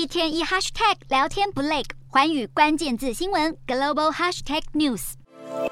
一天一 hashtag 聊天不累，寰宇關鍵字新聞 global hashtag news。Has new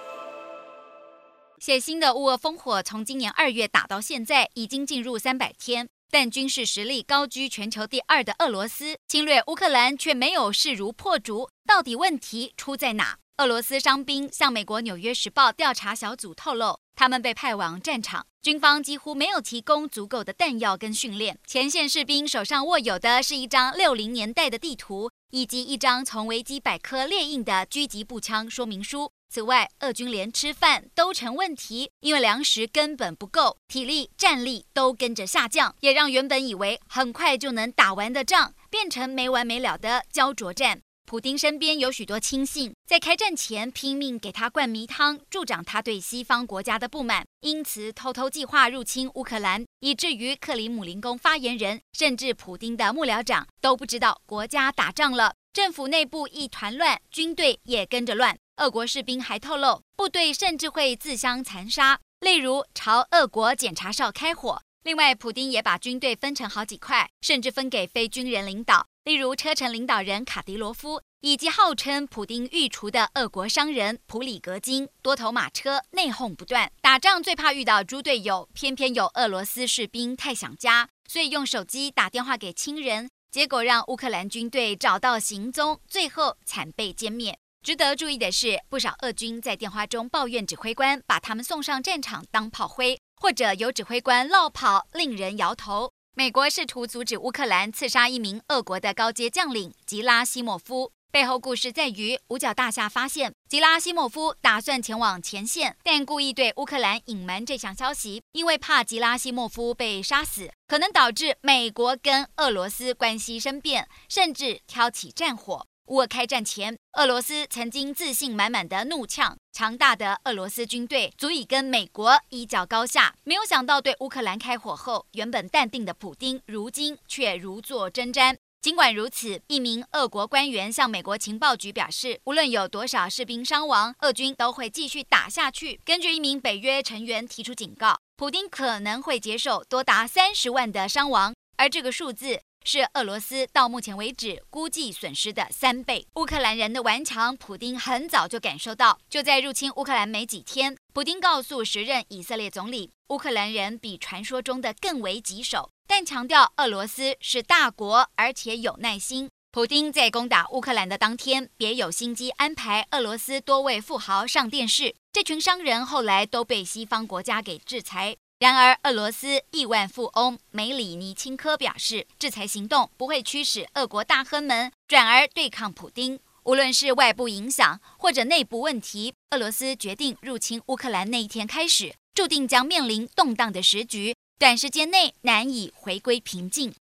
寫新的烏俄烽火從今年二月打到現在，已經進入三百天。但軍事實力高居全球第二的俄羅斯，侵略烏克蘭卻沒有勢如破竹，到底問題出在哪？俄羅斯傷兵向美國《紐約時報》調查小組透露，他們被派往戰場，軍方幾乎沒有提供足夠的彈藥跟訓練，前線士兵手上握有的是一張六零年代的地圖。以及一張從維基百科列印的狙擊步槍說明書。此外，俄軍連吃飯都成問題，因為糧食根本不夠，體力、戰力都跟着下降，也讓原本以為很快就能打完的仗變成沒完沒了的膠著戰。普丁身邊有許多親信，在開戰前拼命給他灌迷湯，助長他對西方國家的不滿，因此偷偷計劃入侵烏克蘭，以至於克里姆林宮發言人，甚至普丁的幕僚長，都不知道國家打仗了。政府內部一團亂，軍隊也跟着亂。俄國士兵還透露，部隊甚至會自相殘殺，例如朝俄國檢查哨開火。另外，普丁也把軍隊分成好幾塊，甚至分給非軍人領導，例如車臣領導人卡迪羅夫，以及號稱普丁御廚的俄國商人普里格金。多頭馬車內訌不斷，打仗最怕遇到豬隊友，偏偏有俄羅斯士兵太想家，所以用手機打電話給親人，結果讓烏克蘭軍隊找到行蹤，最後慘被殲滅。值得注意的是，不少俄軍在電話中抱怨指揮官把他們送上戰場當炮灰。或者有指揮官落跑，令人搖頭。美國試圖阻止烏克蘭刺殺一名俄國的高階將領吉拉西莫夫，背後故事在於五角大廈發現吉拉西莫夫打算前往前線，但故意對烏克蘭隱瞞這項消息，因為怕吉拉西莫夫被殺死，可能導致美國跟俄羅斯關係生變，甚至挑起戰火。烏開戰前，俄羅斯曾經自信滿滿的怒嗆：“強大的俄羅斯軍隊足以跟美國一較高下。”沒有想到，對烏克蘭開火後，原本淡定的普丁如今卻如坐針氈。儘管如此，一名俄國官員向美國情報局表示，無論有多少士兵傷亡，俄軍都會繼續打下去。根據一名北約成員提出警告，普丁可能會接受多達三十萬的傷亡，而這個數字。是俄羅斯到目前為止估計損失的三倍。烏克蘭人的頑強，普丁很早就感受到。就在入侵烏克蘭沒幾天，普丁告訴時任以色列總理，烏克蘭人比傳說中的更為棘手，但強調俄羅斯是大國，而且有耐心。普丁在攻打烏克蘭的當天，別有心機安排俄羅斯多位富豪上電視，這群商人後來都被西方國家給制裁。然而，俄羅斯億萬富翁梅里尼欽科表示，制裁行動不會驅使俄國大亨們轉而對抗普丁。無論是外部影響或者內部問題，俄羅斯決定入侵烏克蘭那一天開始，注定將面臨動盪的時局，短時間內難以回歸平靜。